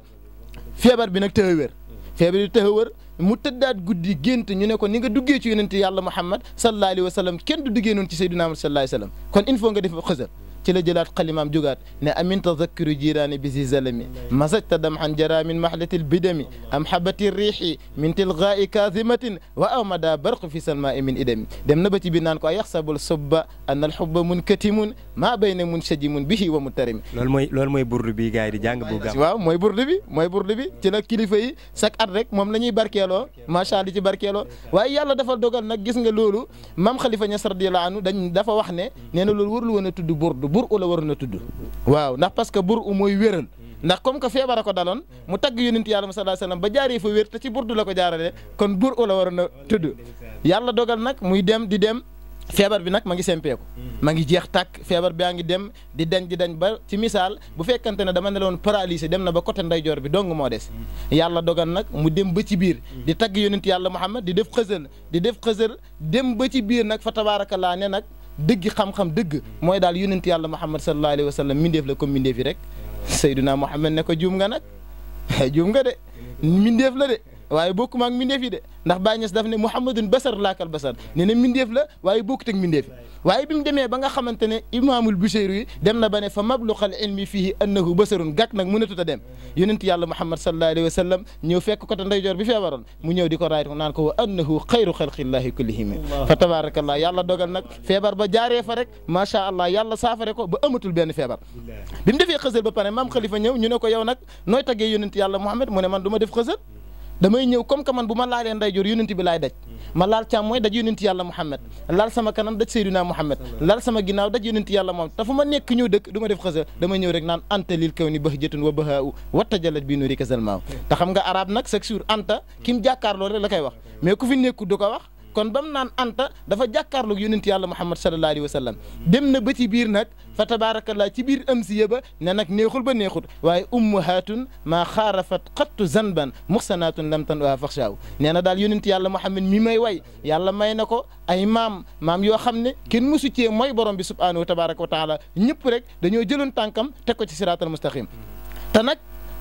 febar bi nak teewer febar bi teewer mu tëddaat guddi gént ñu ne ko ni nga duggee ci yonent yàlla Muhammad sallallahu alayhi wa sallam kenn du duggee noonu ci Seydina Muhammad sallallahu alayhi wa sallam kon il faut nga def xësal ci la jëlaat xalimaam jugaat ne amin tazakkiru jiraani bi si zalami masajta dam xan jara min mahlatil bidami am xabati riixi min tilgaai kazimatin wa amada barq fi salmaai min idami dem na ba ci bi naan ko a yaxsabul subba an alxubba munkatimun maa bayna munshajimun bihi wa mutarimi loolu mooy loolu mooy burdu bi gars yi di jàng bu gaaw waaw mooy burdu bi mooy burdu bi ci la kilifa yi chaque at rek moom la ñuy barkeeloo macha allah ci barkeeloo waaye yàlla dafa dogal nag gis nga loolu maam xalifa ñas radiyallahu anhu dañ dafa wax ne nee na loolu warul woon a tudd burdu bur u la waroon a tudd waaw ndax parce que bur u mooy wéral hmm. ndax comme que feebar a ko daloon hmm. mu tagg yonent yàlla mu sallallahu alayhi wasallam ba jaaree fa wér te ci burdu la ko jaarale kon bur u la waroon tudd yàlla dogal nag muy dem di dem feebar bi nag ma ngi sempeeku hmm. ma ngi jeex tàkk feebar baa ngi dem di dañ di dañ ba ci misaal bu fekkante ne dama ne la woon dem na ba côté ndeyjoor bi dong moo des yàlla dogal nag mu dem ba ci biir di tagg yonent yàlla Muhammad di def xësal di def xësal dem ba ci biir nag fa tabaarakallaa ne nag deug xam xam-xam deug moy dal yonent yàlla Muhammad sallallahu alaihi wasallam mindeef la ko mindeef rek sayyidina Muhammad ne ko juum nga nak juum nga de mindeef la de waye bokku mak mindeef yi de ndax bañes daf ne Muhammadun basar kal basar ne ne mindeef la waye bokku tek mindeef waye bimu deme ba nga xamantene imamul imaamul yi dem na bané fa mabluxal ilmi fihi annahu basarun gak nak munatu ta dem yonent yàlla Muhammad sallallahu alayhi wasallam ñëw fekk ko te jor bi feebaroon mu ñëw diko ko raay ko annahu annahu khalqi allah kullihim fa tabarakallah yàlla dogal nak febar ba jare fa rek sha allah yàlla safare ko ba amatul ben febar bimu defé xeuseul ba pare mam khalifa ñëw ñu ne ko yow nak noy tagge yonent yàlla Muhammad mu ne man duma def xeuseul damay ñëw comme que man bu ma laalee ndeyjoor yonent bi laay daj ma laal càmmooñ daj yonent yàlla Muhammad laal sama kanam daj Seydina Muhammad laal sama ginnaaw daj yonent yàlla moom te ma nekk ñëw dëkk du ma def xësa damay ñëw rek naan anta lil kaw ni bax jëtun wa bahaa watta jalat bii kasal maaw te nga arab nag chaque anta kim jàkkaarloo rek la koy wax mais ku fi nekku du ko wax kon bam nan anta dafa jàkkaarloog yonent yàlla muhammad sallallahu alaihi wasallam sallam dem na ba ci biir fa tabarakallah ci bir am si ne nak neexul ba neexul waaye ummahatun ma kharafat qat zanban muhsanatun lam tanwa fakhshaw neena dal yonent yàlla muhammad mi may way yàlla may nako ay maam mam yo xamne ken musu ci moy borom bi subhanahu wa wa taala ñëpp rek dañu jëlun tànkam teg ko ci siratal mustaqim ta nak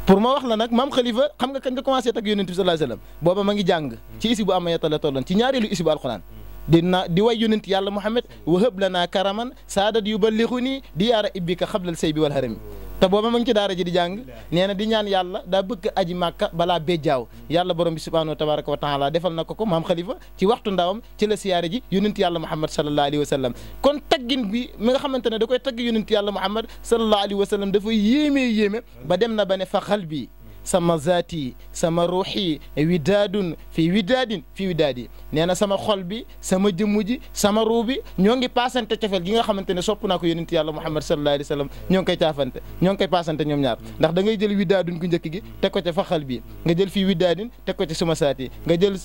pour ma wax la nag maam Khalifa xam nga kañ la commencé tag yonent bi sallallahu alayhi wasallam booba ma ngi jàng ci isi bu amayata la tolloon ci ñaareelu isi bu alxuraan di na di way yonent yàlla Muhammad wahab lanaa karaman saadat yuballighuni diyaara ibbika xablal sey bi wal harami te booba ma ngi ci daara ji di jàng nee na di ñaan yàlla daa bëgg aji màkka balaa béjjaaw yàlla borom bi subhaanahu wa tabaraka wa taala defal na ko ko maam xalifa ci waxtu ndawam ci la siyaare ji yonent yàlla Muhammad sallallahu alayhi wa sallam kon taggin nga xamante ne da koy tagg yonent yàlla Muhammad sallallahu alayhi wa sallam dafa yéemee yéeme ba dem na ba ne fa xal bii sama zaati sama ruuxi widaadun fii widaadin fii widaadi nee na sama xol bi sama jëmm ji sama ruu bi ñoo ngi paasante cofeel gi nga xamante ne sopp naa ko yonent yàlla Muhammad sallallahu alayhi wa ñoo ngi koy caafante ñoo ngi koy paasante ñoom ñaar ndax dangay ngay jël widaadun ku njëkk gi te ko ca faxal bi nga jël fii widaadin te ko ca suma saati nga jël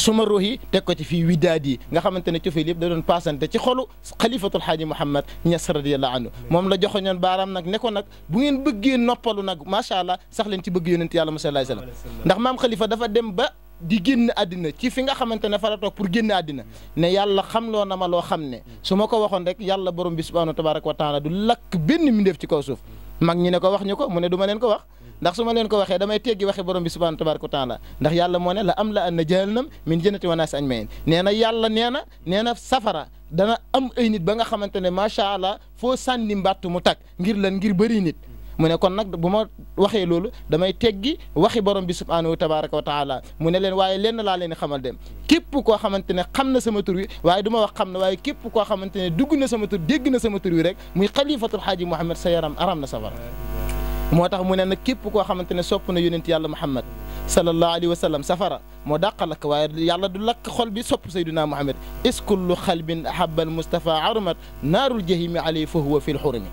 suma ruux yi teg ko ci fi widaad yi nga xamante ne cofeel yëpp da doon paasante ci xolu xalifatul xaaji Muhammad Ñas radiyallahu anhu moom la joxoñoon baaraam nag ne ko nag bu ngeen bëggee noppalu nag macha allah sax leen ci bëgg yonent yàlla mu sallallahu alayhi wasallam ndax maam xalifa dafa dem ba di génn àddina ci fi nga xamante ne fa la toog pour génn àddina ne yàlla xam xamloo na ma loo xam ne su ma ko waxoon rek yàlla borom bi subhanahu tabaraka wa taala du lakk benn mbindeef ci kaw suuf mag ñi ne ko wax ñu ko mu ne du ma leen ko wax ndax suma len ko waxe damay teggi waxe borom bi subhanahu tabaaraka wa taala ndax yàlla mo ne la am la an jahannam min jannati wa nas ajmain nee na yàlla neena neena safara dana am ay nit ba nga xamantene ma sha allah fo sànni mbàtt mu tak ngir lan ngir beuri nit mu ne kon nak buma waxe lolou damay teggi waxe borom bi subhanahu tabaaraka wa taala mu ne len waye len la len xamal dem kep ko xamantene xamna sama tour wi waye duma wax xamna waye kep ko xamantene xamante dugg na sama tour dégg na sama tour wi rek muy khalifatul haji Muhammad sayyaram aramna aram na safara motax mu ne nak kep ko xamantene sopu na yónent yàlla muhammad sallallahu alaihi wasallam safara mo dàqa lakk waaye yàlla du lak xol bi sopu sayyidina muhammad is kullu khalbin xalbin al mustafa armat narul jahim alayhi fa huwa fil lxurumi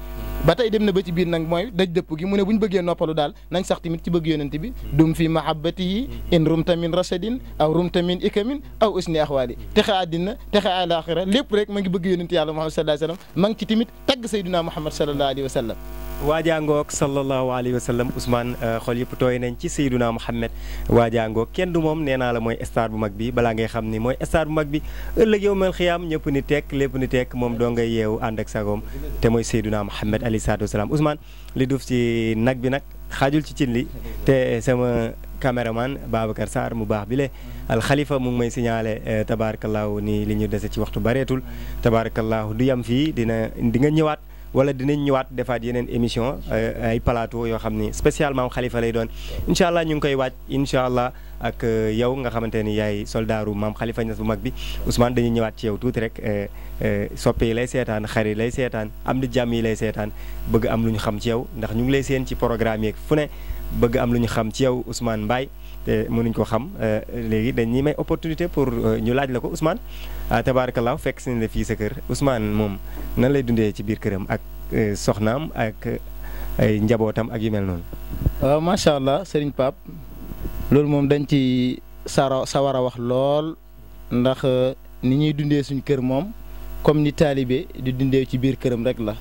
batay tey dem na ba ci bir nak moy daj dëpp gi mu ne buñ beugé bëggee noppalu daal nañ sax timit ci beug yónent bi dum fi mahabbatihi in rumta min rasadin aw rumta min ikamin aw usni akhwali axwaali texe àddina al akhirah lépp rek ma ngi beug yónent yàlla muhammad sallallahu alaihi wasallam mang ci timit tag sayyidina muhammad sallallahu alaihi wasallam waajaangoog sallallahu alayhi wa sallam Ousmane euh, xol yëpp tooy nañ ci Seyduna Muhammad waajaangoog kenn du moom nee naa la mooy star bu mag bi bala ngay xam ni mooy star bu mag bi ëllëg yow mel xiyaam ñëpp ni tekk lépp ni tekk moom doo ngay yeewu ànd ak sagoom te mooy Seyduna Muhammad alayhi salaatu wa salaam Ousmane li duuf ci nag bi nag xaajul ci cin li te sama man Babacar Sarr mu baax bi le alxalifa mu ngi may signalé euh, tabaarakallaahu ni li ñu dese ci waxtu bareetul tabaarakallaahu du yam fii dina di nga ñëwaat wala dinañ ñëwaat defaat yeneen émission euh, ay plateau yoo xam ni spécialement xalifa lay doon incha allah ñu ngi koy waaj incha allah ak euh, yow nga xamante ni yaay soldaaru maam xalifa ñas bu mag bi Ousmane dañuy ñëwaat ci yow tuuti rek euh, soppe yi lay seetaan xar yi lay seetaan am di jàmm yi lay seetaan bëgg am lu ñu xam ci yow ndax ñu ngi lay seen ci programme yeeg fu ne bëgg am lu ñu xam ci yow Ousmane Mbaye te mënuñ ko xam euh, léegi dañ ñuy may opportunité pour euh, ñu laaj la ko Ousmane ah, tabaarakalaaw fekk si la fii sa kër Ousmane moom nan lay dundee ci biir këram ak euh, soxnaam ak ay njabootam ak yu mel noonu. waaw macha allah sëriñ Pape loolu moom dañ ci sara sawar a wax lool ndax ni ñuy dundee suñu kër moom comme ni taalibe di dundee ci biir këram rek la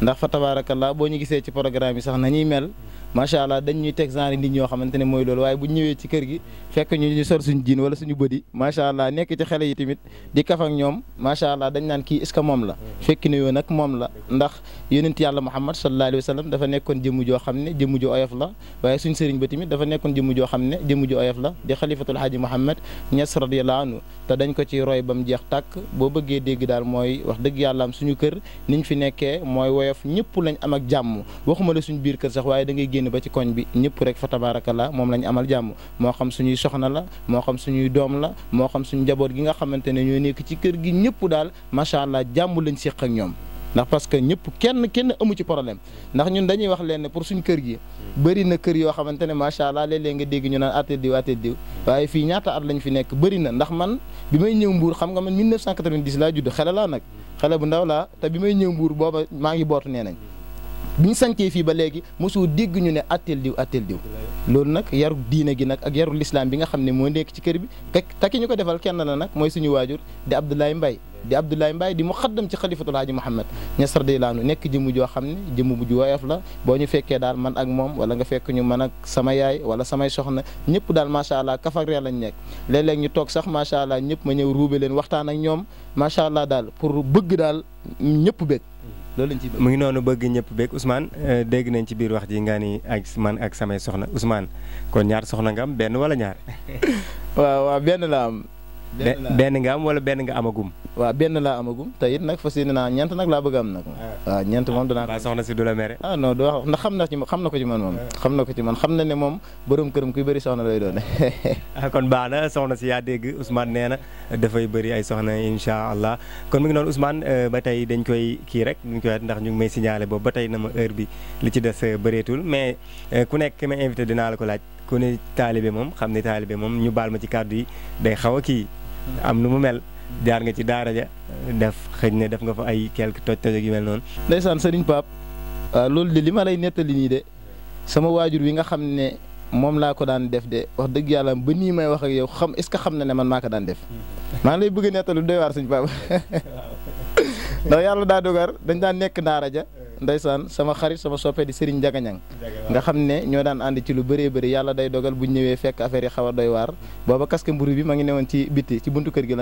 ndax fa laa boo ñu gisee ci programme yi sax nañuy mel. macha allah dañ ñuy teg genre nit ñoo xamante ne mooy loolu waaye bu ñëwee ci kër gi fekk ñu ñu sol suñu jiin wala suñu bëdi macha allah nekk ci xale yi tamit di kaf ak ñoom macha allah dañ naan kii est ce que moom la mm. fekki na yoo nag moom la ndax yonent yàlla muhammad sallallahu alayhi wa sallam dafa nekkoon jëmm joo xam ne jëmm ju oyof suñ sëriñ ba tamit dafa nekkoon joo xam ne jëmm ju oyof la di xalifatul haaji muhammad ñas radiyallahu anhu te dañ ko ci roy ba mu jeex tàkk boo bëggee dégg daal mooy wax dëgg yàlla am suñu kër niñ fi nekkee mooy woyof ñëpp lañ am ak jàmm waxuma la suñu biir kër sax waaye dangay ngay génn ba ci koñ bi ñëpp rek fa tabaarakallaa moom lañu amal jàmm moo xam suñuy soxna la moo xam suñuy doom la moo xam suñu njaboot gi nga xamante ne ñoo nekk ci kër gi ñëpp daal macha allah jàmm lañ séq ak ñoom ndax parce que ñëpp kenn kenn amu ci problème ndax ñun dañuy wax leen pour suñ kër gi bëri na kër yoo xamante ne macha allah léeg-léeg nga dégg ñu naan atel diw atel diw waaye fii ñaata at lañ fi nekk bëri na ndax man bi may ñëw mbuur xam nga man 1990 laa judd xele laa nag xele bu ndaw laa te bi may ñëw mbuur booba maa ngi bootu nee nañ bi santé fi ba légui musu dégg ñu ne atel diw atel diw lool nak yaru diine gi nak ak yaru lislaam bi nga xamné mo moo nekk ci kër bi takki ñuko defal kenn la nak moy suñu wajur di Abdoulaye Mbaye di Abdoulaye Mbaye di mu xaddam ci xalifatul haaji Mouhamed Niass radiyallaahu anhu nekk jëmm joo xam ne jëmm bu wayef la bo ñu féké dal man ak mom wala nga fék ñu man ak sama yaay wala sama soxna ñëpp dal ma sha allah kafa reer lañ nekk léeg-léeg ñu tok sax ma sha allah ñëpp ma ñëw roubé len waxtaan ak ñom ma sha allah dal pour bëgg dal ñëpp bëgg loolu lañ ci mu ngi noonu bëgg ñëpp beeg Ousmane eh, dégg nañ ci biir wax ji nga ni ak man ak samay soxna usmaan kon ñaar soxna ngam am benn wala ñaar. waaw waaw benn la am. benn nga am wala benn nga amagum. waa benn laa amagum te it nag fas ne naa ñeent nag laa bëgg am nag. Ah. ñeent moom danaa. waaw ah, soxna si du la mere. ah non du wax ndax xam na ci ci man moom. Ah. xam na ko ci man xam na ne moom borom këram kuy bëri soxna lay doon. kon baax soxna si yaa dégg Ousmane nee na dafay bëri ay soxna incha allah kon mi ngi noonu Ousmane euh, ba tey dañ koy kii rek ñu ngi koy ndax ñu ngi may signalé boobu ba tey na ma heure bi lu ci des euh, bëreetul mais euh, ku nekk ki ma invité dinaa la ko laaj ku ne taalibe moom xam ne taalibe moom ñu baal ma ci kàddu yi day xaw a kii am nu mu mel jaar nga ci daara ja def xëy ne def nga fa ay quelque toj toj yu mel noonu. ndeysaan sëriñ Pape ah, loolu de li ma lay nettali nii de sama waajur wi nga xam ne moom laa ko daan def de wax dëgg yàlla ba nii may wax ak yow xam est-ce que xam na ne man maa ko daan def hmm. maa lay bëgg nettalu nettali doy waar sëriñ Pape ndax yàlla daa dogar dañ daan nekk daara ja ndaysaan sama xarit sama soppe di Serigne Jagañang nga xam ne ñoo daan ànd ci lu bëree bëri yàlla day dogal bu ñëwee fekk affaire yi xaw a doy waar booba casque mburu bi ma ngi ci ci buntu kër gi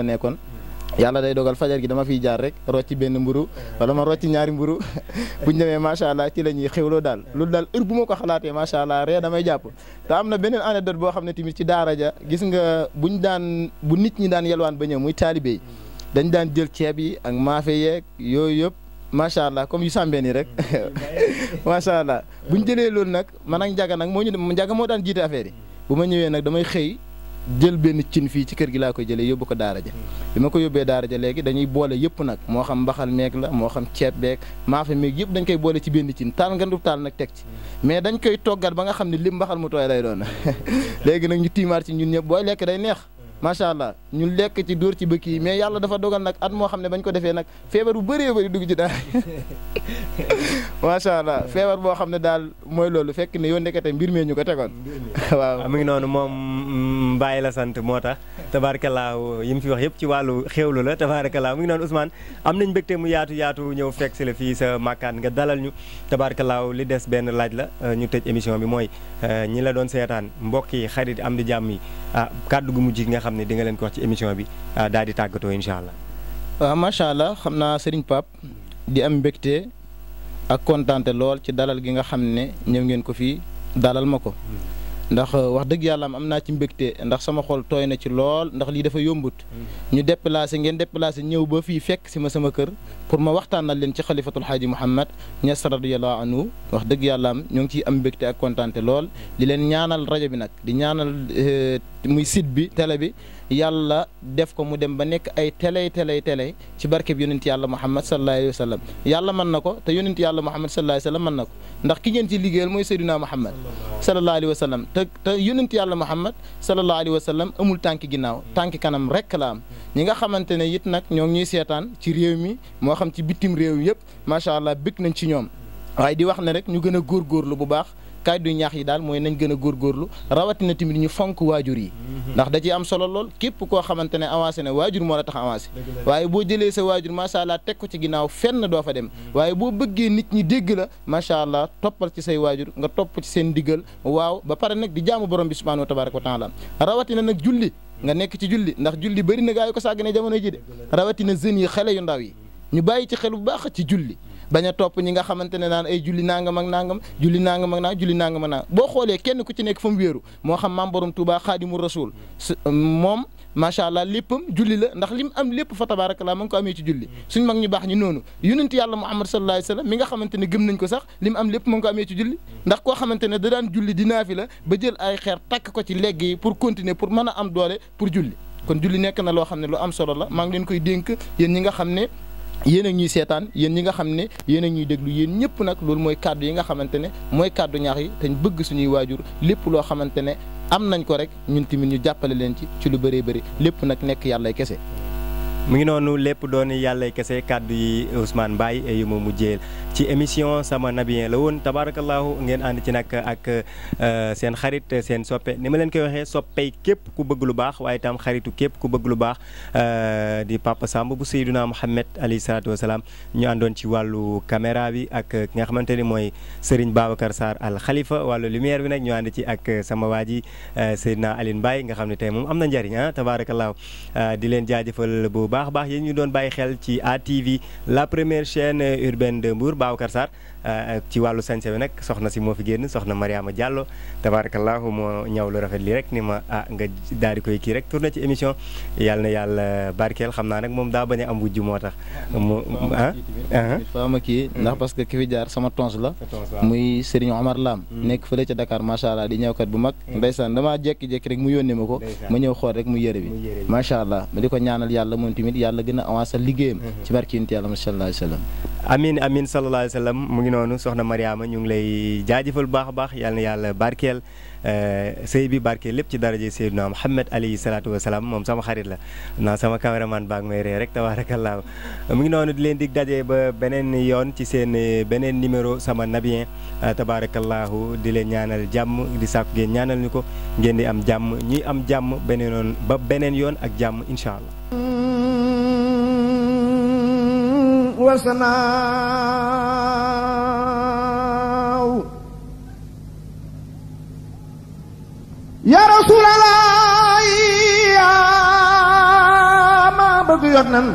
la day dogal fajar gi dama fiy jaar rek rocci benn mburu wala ma rocci ñaari mburu buñ demee macha allah ci la ñuy xewloo daal loolu daal heure bu ma ko xalaatee macha allah ree damay jàpp te am na beneen anecdote boo xam ne ci daara ja gis nga buñ daan bu nit ñi daan yelwaan ba ñëw muy taalibe dañ daan jël yi ak macha allah comme yu sàmbee nii rek macha allah bu ñu jëlee loolu nag man ak Ndiaga nag moo ñu Ndiaga moo daan jiite affaire yi bu ma ñëwee nag damay xëy jël benn cin fii ci kër gi laa koy jëlee yóbbu ko daara ja bi ma ko yóbbee daara ja léegi dañuy boole yëpp nag moo xam mbaxal meeg la moo xam ceeb beeg maafe meeg yëpp dañ koy boole ci benn cin taal nga du taal nag teg ci mais dañ koy toggat ba nga xam ni lim mbaxal mu tooy lay doon léegi nag ñu tiimaat ci ñun ñëpp booy lekk day neex macha allah ñu lekk ci dóor ci bëkk yi mais yàlla dafa dogal nag at moo xam ne bañ ko defee nag feebar bu bëree bëri dugg ci daal macha allah feebar boo xam ne daal mooy loolu fekk ne yow ndekete mbir mee ñu ko tegoon waaw ah, mi ngi noonu moom mm, Mbaye la sant moo tax tabaarakallaa yi mu fi wax yëpp ci wàllu xéewlu la tabaarakallaa mu ngi noonu Ousmane am nañ mbégte mu yaatu yaatu ñëw fekk si la fii sa màkkaan nga dalal ñu tabaarakallaa li des benn laaj la euh, ñu tëj émission bi mooy euh, ñi la doon seetaan mbokk yi xarit am di jàmm yi ah kàddu gu mujj nga xam ne di nga leen ko wax ci émission bi ah, daal di tàggatoo incha allah. waaw macha allah xam naa Serigne Pape di am mbégte ak kontaante lool ci dalal gi nga xam ne ñëw ngeen ko fii dalal ma ko. Hmm. ndax euh, wax dëgg yàlla am naa ci mbégte ndax sama xol tooy na ci lool ndax lii dafa yombut hmm. ñu déplacé ngeen déplacé ñëw ba fii fekk si ma sama kër pour ma waxtaanal leen ci xalifatul xaaji Mouhamed Niass radiyallahu anhu wax dëgg yàlla am ñoo ngi ciy am mbégte ak kontaante lool di leen ñaanal rajo bi nag di ñaanal euh, muy site bi télé bi yàlla def ko mu dem ba nekk ay télé télé télé ci barkeb yonent yàlla muhammad sa alayhi wa sallam yàlla man na ko te yonent yàlla muhammad sallallahu alayhi wa sallam mën na ko ndax ki ngeen ci liggéeyal mooy sayyidina muhammad sa alayhi wa sallam te te yonent yàlla muhammad sallallahu alayhi wa sallam amul tànki ginnaaw tànki kanam rekk la am ñi nga xamante ne it nag ñoo ngi ñuy seetaan ci réew mi moo xam ci bitim réew yëpp macha allah bëgg nañ ci ñoom waaye di wax ne rek ñu gën góor góorgóorlu bu baax kàddu ñaax yi daal mooy nañ gën a góorgóorlu rawatina tamit ñu fonk waajur yi mhm. ndax da ciy am solo lool képp koo xamante ne avancé na waajur moo la tax avancé waaye boo jëlee sa waajur macha allah teg ko ci ginnaaw fenn doo fa dem mhm. waaye boo bëggee nit ñi dégg la macha allah toppal ci say waajur nga topp ci seen diggal waaw ba pare nag di jaamu borom bi subhaanahu wa tabaaraka wa taala rawatina nag julli nga nekk ci julli ndax julli bëri na gaa yu ko sàgg ne jamono rawatina jeunes yi xale yu ndaw yi ñu bàyyi ci xel bu baax ci julli bañ a topp ñi nga xamante ne naan ay julli nangam ak nangam julli nangam ak nangam julli nangam boo xoolee kenn ku ci nekk fa mu wéeru moo xam maam borom Touba xaadimu rasul moom macha allah léppam julli la ndax li mu am lépp fa tabarakallah ma ngi ko amee ci julli suñ mag ñu baax ñi noonu yonent yàlla muhammad sallallahu alayhi wasallam mi nga xamante ne gëm nañ ko sax lim am lépp ma ngi ko amee ci julli ndax koo xamante ne da daan julli di naafila ba jël ay xeer takk ko ci legg yi pour continuer pour mën a am doole pour julli kon julli nekk na loo xam ne lu am solo la maa ngi leen koy dénk yéen ñi nga xam ne yéen ak ñuy seetaan yéen ñi nga xam ne yéen ak ñuy déglu yéen ñëpp nag loolu mooy kàddu yi nga xamante ne mooy kàddu ñaax yi te ñu bëgg suñuy waajur lépp loo xamante ne am nañ ko rek ñun tamit ñu jàppale leen ci ci lu bëree bëri lépp nag nekk yàllay kese mu ngi noonu lépp doon yàlla kese kàddu yi Ousmane e yu ma mujjee ci émission sama nabiyen la woon tabaarakallaahu ngeen ànd ci nag ak eh, seen xarit seen soppe ni ma leen koy waxee soppey képp ku bëgg lu baax tam xaritu képp ku bëgg lu baax eh, di Papa Samb bu Seydina Muhammad alayhi salaatu wasalaam ñu àndoon ci walu caméra bi ak ki nga xamante ni mooy Serigne Babacar Sarr al Khalifa wàllu lumière bi nag ñu ànd ci ak sama waji ji Seydina Aline Mbaye nga xam ne tey moom am na njëriñ ah tabaarakallaahu di bu baax baax yéen ñu doon bàyyi xel ci ATV la première chaîne urbaine de Mbour Babacar euh, ci wàllu sañse bi nag soxna si moo fi génn soxna Mariama Diallo tabarakallahu moo ñaw lu rafet lii rek ni ma a ah, nga daal koy kii rek tourné ci émission yàlla na yàlla barkeel xam naa nag moom daa bañ a am wujj moo tax mu ah, ah, ah. faa ma kii ndax parce que ki jaar sama tons la muy Serigne Omar Lam hmm. nekk fële ca dakaar macha allah di ñëwkat bu mag hmm. ndeysaan dama jékki-jékki rek mu yónnee ma ko ma ñëw xool rek mu yëre bi macha tamit yàlla gën a avancer liggéeyam mhm. ci barki yonent yàlla sallallahu alayhi wa sallam amin amin sallallahu alayhi wa mu ngi noonu soxna Mariama ñu ngi lay jaajëfal baax a baax yàlla na yàlla barkeel Euh, sëy bi barke lépp ci daraje Seydina Muhammad alayhi salaatu wasalaam moom sama xarit la naa sama cameraman baa ngi may ree rek tabaarakallaa mu ngi noonu di leen dig daje ba beneen yoon ci seen eh, beneen numéro sama nabien eh, tabaarakallaahu di leen ñaanal jàmm di sàkku ngeen ñaanal ñu ko ngeen di am jàmm ñuy am jàmm beneenoon ba beneen yoon ak jàmm incha allah yaa rasulallah yaa ma bëgg yoon nan